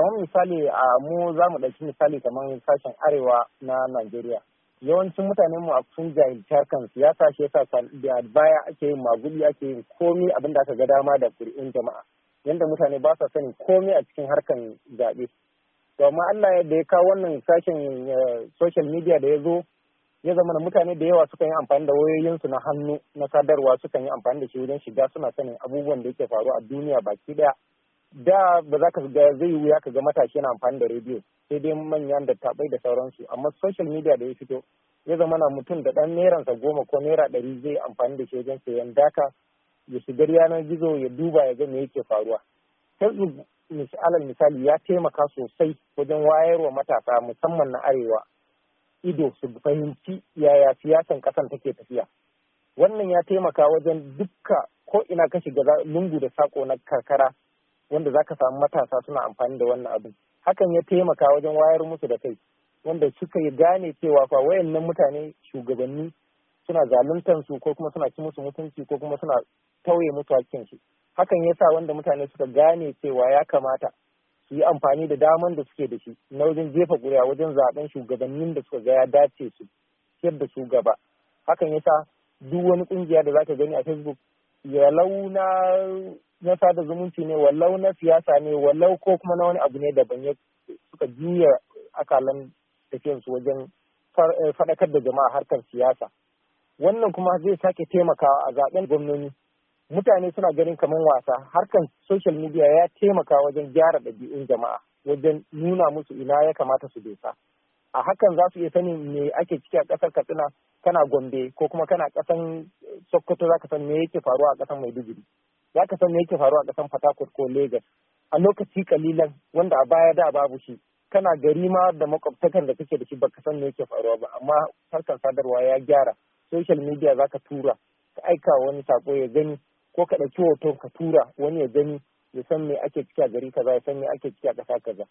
kamar misali a mu za mu ɗauki misali kamar sashen arewa na Najeriya. Yawancin mutanen mu a sun jahilci harkan siyasa shi yasa da baya ake yin magudi ake yin komi abin da aka ga dama da kuri'un jama'a. Yanda mutane ba sa sanin komi a cikin harkan zaɓe. To amma Allah da ya kawo wannan sashen social media da ya zo ya zama da mutane da yawa suka yi amfani da wayoyinsu na hannu na sadarwa suka yi amfani da shi wajen shiga suna sanin abubuwan da yake faru a duniya baki ɗaya. da ba za ka ga zai wuya ka ga matashi yana amfani da rediyo sai dai manyan da tabai da sauransu amma social media da ya fito ya zama na mutum da dan neransa goma ko naira ɗari zai amfani da shi wajen sayan daka ya shiga yanar gizo ya duba ya ga me yake faruwa facebook alal misali ya taimaka sosai wajen wayarwa matasa musamman na arewa ido su fahimci yaya siyasan kasan take tafiya wannan ya taimaka wajen dukka ko ina ka shiga lungu da sako na karkara wanda zaka samu matasa suna amfani da wannan abin hakan ya taimaka wajen wayar musu da kai wanda suka yi gane cewa fa wayannan mutane shugabanni suna zaluntar su ko kuma suna ci musu mutunci ko kuma suna tauye musu hakkin su hakan sa wanda mutane suka gane cewa ya kamata su yi amfani da daman da suke da shi na wajen jefa ƙuri'a wajen zaben shugabannin da suka ga ya dace su yadda su gaba hakan yasa duk wani kungiya da zaka gani a facebook yalau na na sada zumunci ne wallau na siyasa ne wallau ko kuma na wani abu ne daban ya suka juya akalan tafiyarsu wajen eh, faɗakar da jama'a harkar siyasa wannan kuma zai sake taimakawa a zaben gwamnoni mutane suna ganin kamar wasa harkar social media ya taimaka wajen gyara ɗabi'un jama'a wajen nuna musu ina ya kamata su dosa a hakan za su iya sanin me ake ciki a ƙasar katsina kana gombe ko kuma kana kasan sokoto za ka san me yake faruwa a kasan maiduguri za ka san me yake faruwa a kasan fatakur ko legas a lokaci kalilan wanda a baya da babu shi kana gari ma da makwabtakan da kake da shi baka san me yake faruwa ba amma harkar sadarwa ya gyara social media za ka tura ka aika wani sako ya gani ko ka ɗauki hoton ka tura wani ya gani ya san me ake ciki a gari kaza ya san me ake ciki a ƙasa kaza